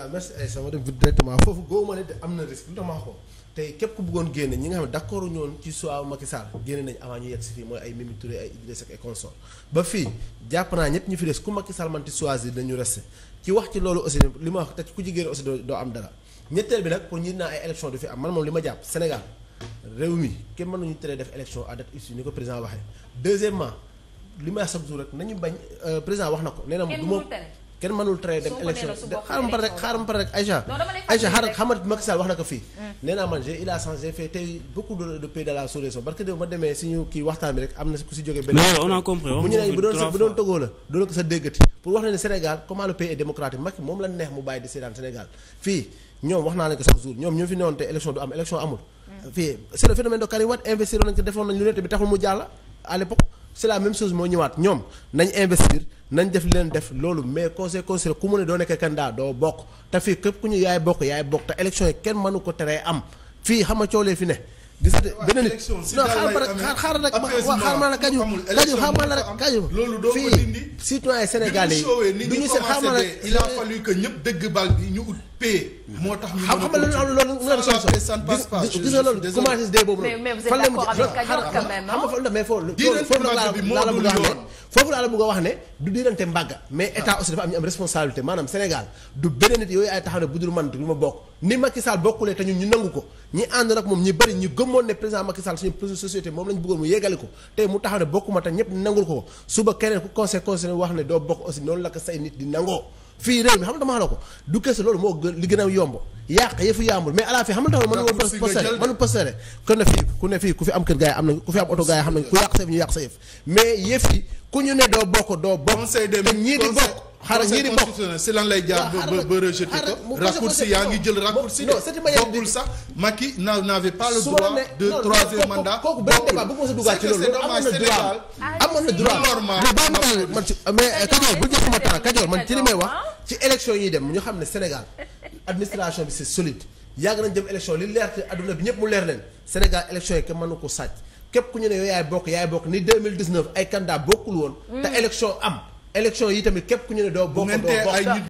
voilà merci Aïssa eh, ma dem directement foofu góobu ma am na risque lu tax wax ko tey képp ku bëggoon génne ñi nga xam ne d'accord ñoon ci soit Macky Sall génne ñu yegg ba fii jàpp naa ñëpp ñu fi des ku Macky Sall man ti choisir dañu resté ci wax ci loolu aussi li ma wax te ku ci génne aussi doo am dara ñetteel bi nag pour ñi naa ay élection du fi am man moom li ma jàpp Sénégal réew mi kenn mënuñu tere def élection à date ni ko président waxee deuxièmement li ma chaque jour rek nañu euh, wax na ko nee na kenn mënul traité dem élection xaaral ma pare rek xaaral ma pare rek Aïcha Aïcha xaaral xamal Macky Sall wax na ko fii hmm. nee man il a la sous-région parce que de la doon ko sa déggati pour wax na moom la neex mu bàyyi di seetaan Sénégal fii ñoom wax naa leen ko chaque jour ñoom ñoo fi newoon te élection du am élection amul hmm. fii c'est le phénomène de Karim Wade investir nañ ko defoon nañ lu ne te bi taxul mu jàll à c'est la même chose moo ñëwaat ñoom nañ investir nañ def leen def loolu mais conseil conseil ku mu ne doo nekk candidat doo bokk te fii képp ku ñu yaay bokk yaay bokk te élection yi kenn mënu ko teree am fii xam nga coolee fi ne gis nga beneen nit non xaaral ma nag xaaral yi du ñu seen a fallu que loolu loolu loolu solution gis loolu commencé mu xam foofu a wax laa la bëgg a wax ne du diirante mbàgga mais ah. état aussi dafa am ñu am responsabilité maanaam Sénégal du beneen nit yooyu ay taxaw ne bu dul man du ma bokk ni Macky Sall bokkulee te ñu ñu nangu ko ñi ànd nag moom ñi bëri ñu gëmoon ne président Macky Sall suñu société moom la ñu bëggoon mu yeggali ko tey mu taxaw ne bokkuma te ñëpp nangul ko ko suba keneen ku conseil conseil wax ne doo bokk aussi noonu la ko say nit di nangoo fii réew mi xam nga dama la ko du kese loolu moo gën li gën a yomb yàq yëfu yàmbul mais à la fin xam nga dafa mën nga postere mën postere ku fii ku ne fii ku fi am kër gars yi am na ku fi am oto gars yi xam na ku yàq sa xaaral ñeenti mbokk si lan lay jaar ba ba rejeté ko. yaa ngi jël raccourci de. bokkul sax Macky n'avait pas le droit de troisième bu ñu xam ne Sénégal administration bi c'est solide yàgg nañ dem élection li leer te adduna bi ñëpp mu leer leen Sénégal élection yi kenn mënu yaay bokk yaay bokk ni 2019 ay candidat bokkul woon mm. te élection am élection yi tamit képp ku ñu ne doo bokk doo bokk